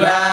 لا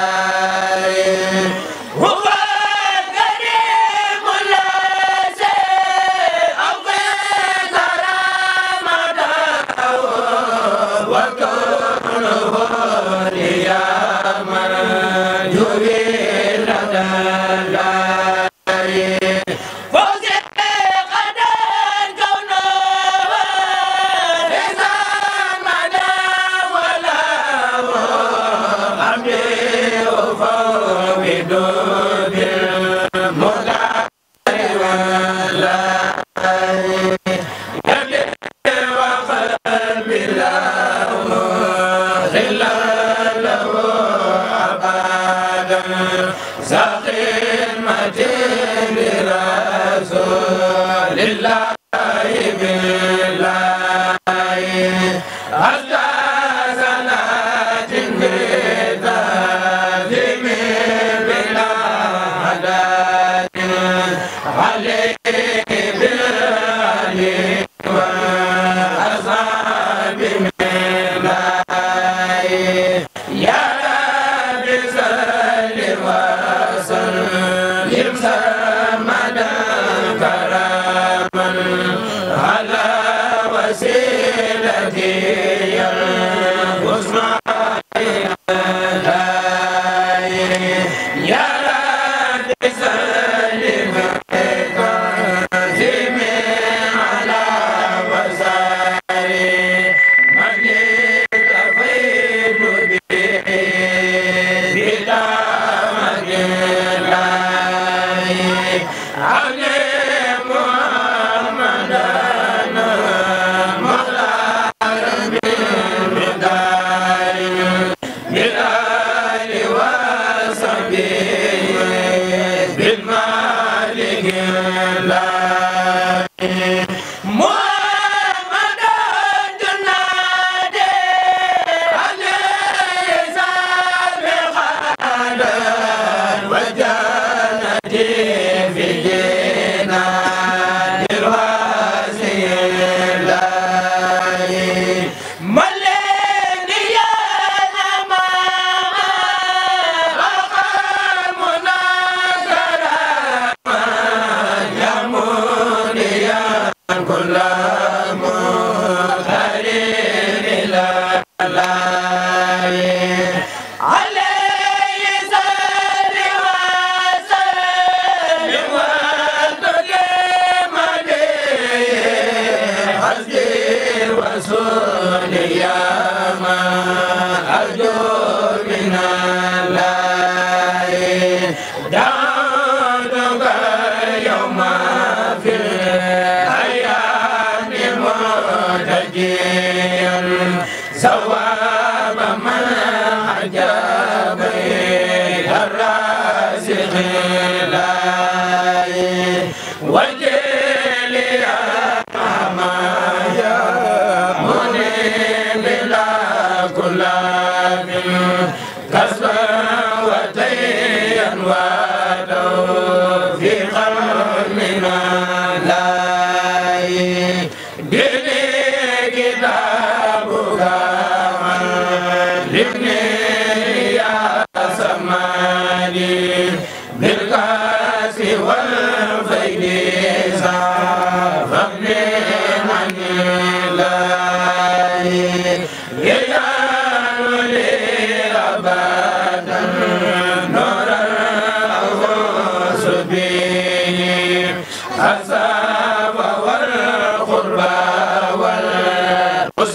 كل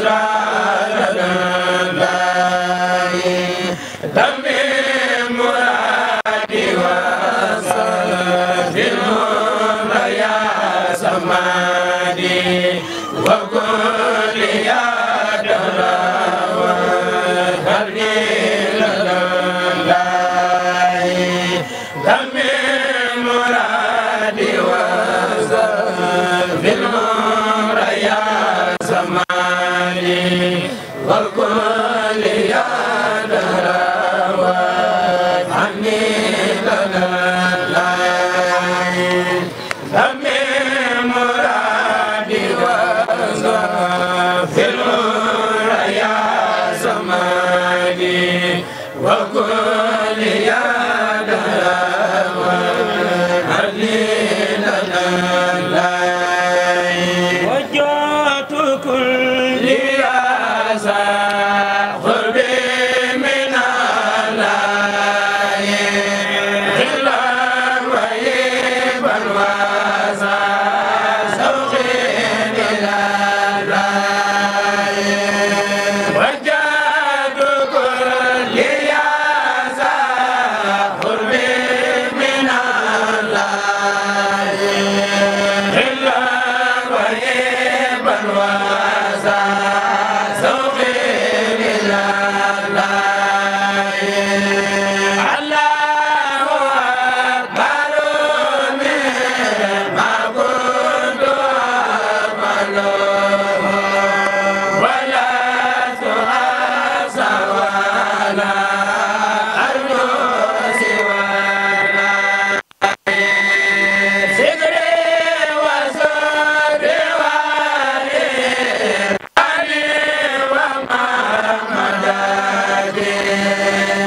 Nusra والكل يا دهر وعني لنا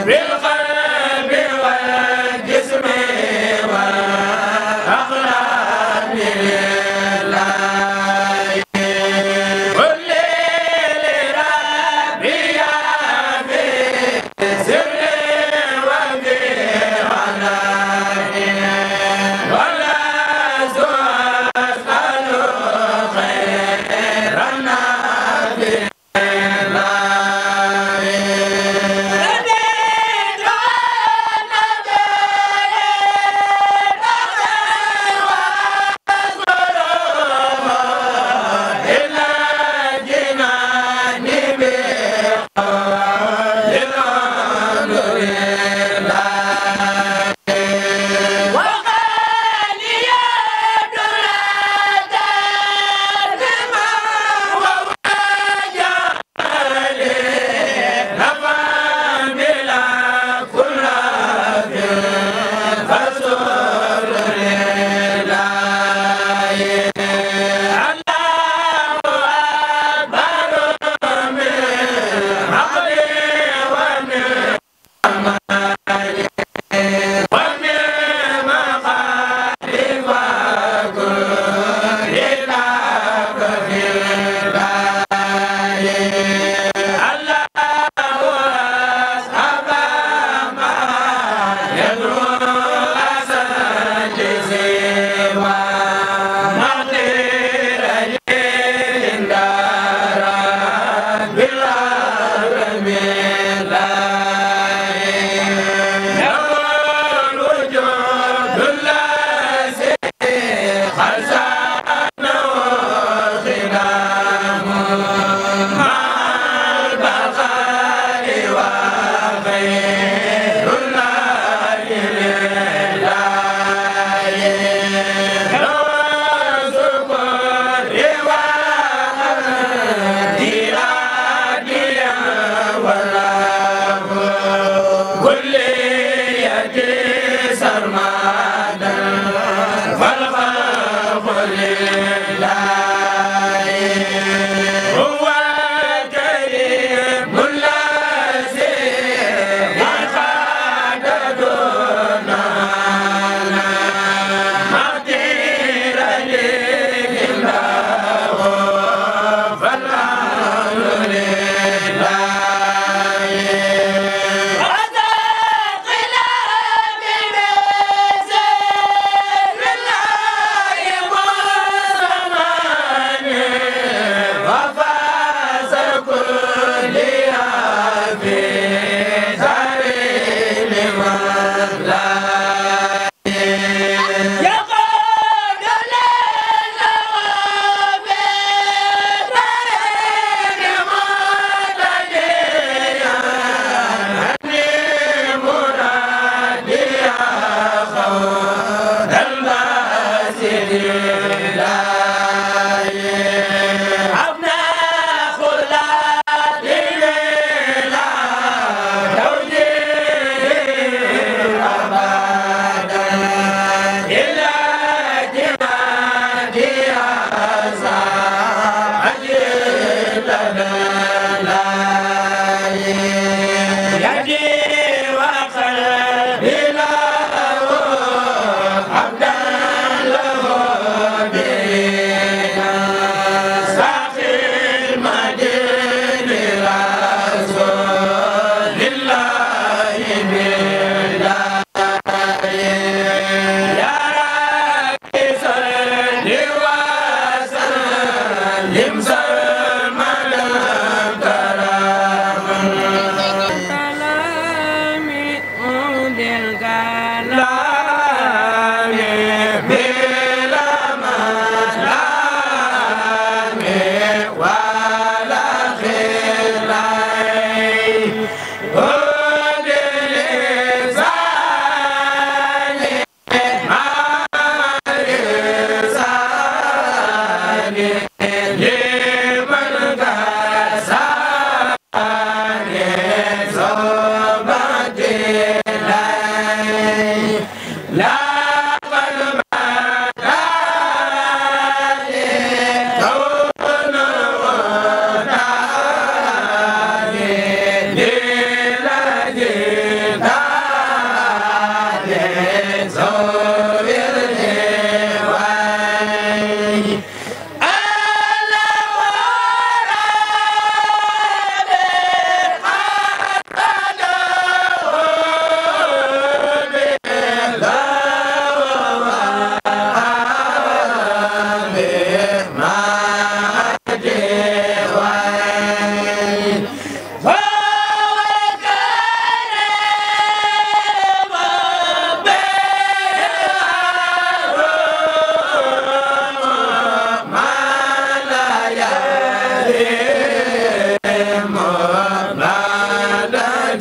Amen. Amen. Hare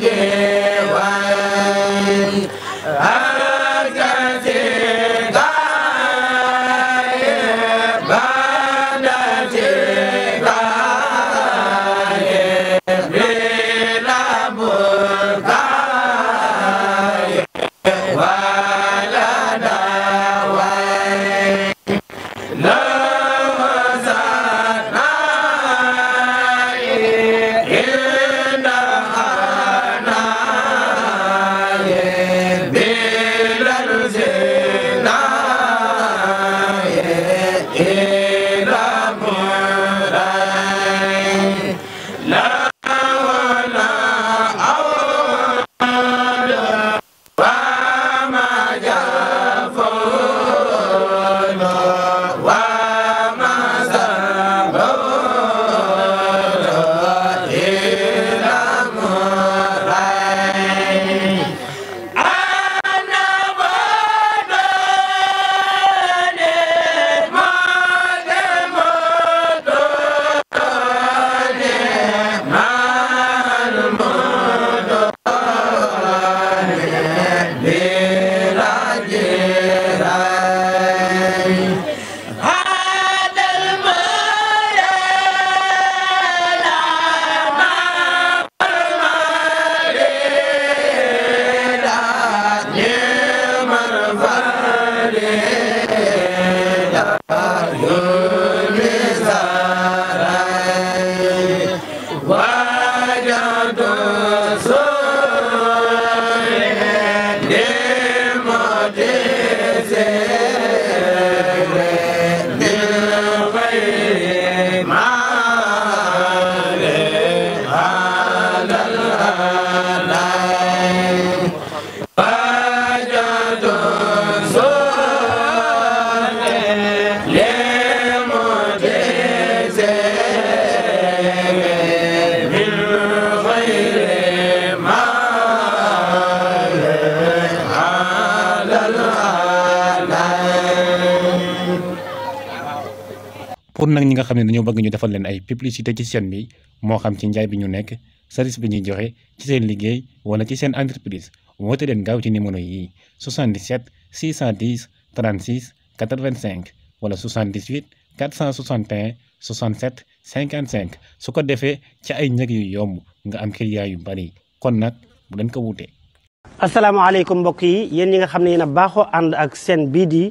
jee فارق pour nag ñi nga xam ne dañoo bëgg ñu defal leen ay publicité ci seen bi moo xam ci njaay bi ñu nekk service bi ñuy joxe ci seen liggéey wala ci seen entreprise woote leen gaaw ci numéro yi 77 610 36 85 su ko defee ci ay njëg yu yomb nga am client yu bari kon nag bu leen ko wutee. asalaamaaleykum mbokk yi yéen ñi nga xam ne yéen baaxoo ànd ak seen bii